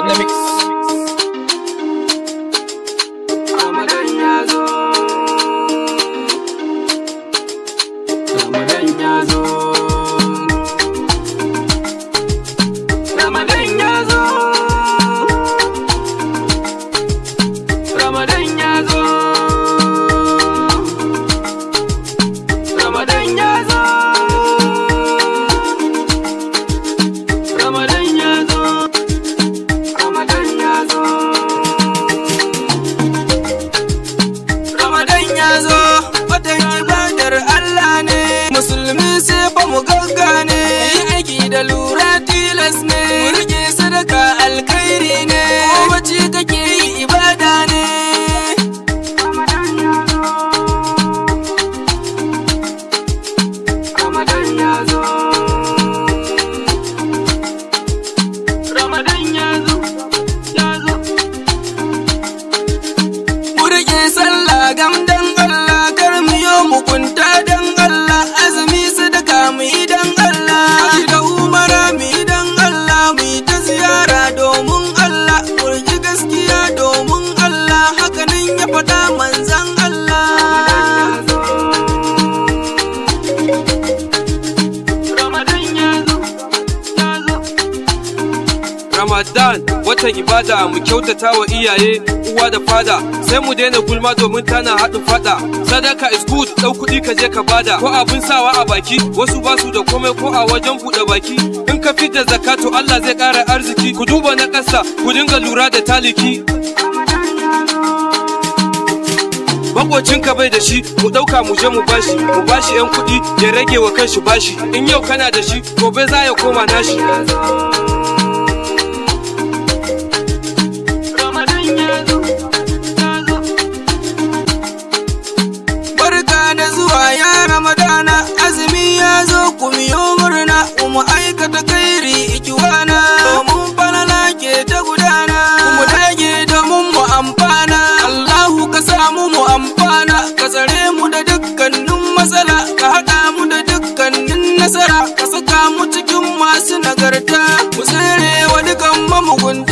on the mix. Ramadan ya Ramadan ya zo. the lure. faɗa manzan Allah Ramadan watan ibada mu kyautata wa iyaye uwa da fada sai mu daina gulma domin tana haɗin fada sadaka is good ɗau kuɗi ka je ka bada ko abin sawa a baki wasu basu da komai ko a wajen buɗe baki in ka fitar zakatu Allah zai ƙara arziki ku duba na ƙasa ku dinga lura da taliki makocinka bai da shi mu ɗauka mu je mu bashi mu bashi yan kuɗi ya rage wa kanshi bashi in yau kana da shi gobe za ya koma nashi Barka da zuwa ya Ramadana azumi ya zo ku miyo murna mu aikata kairi ikiwana I'm a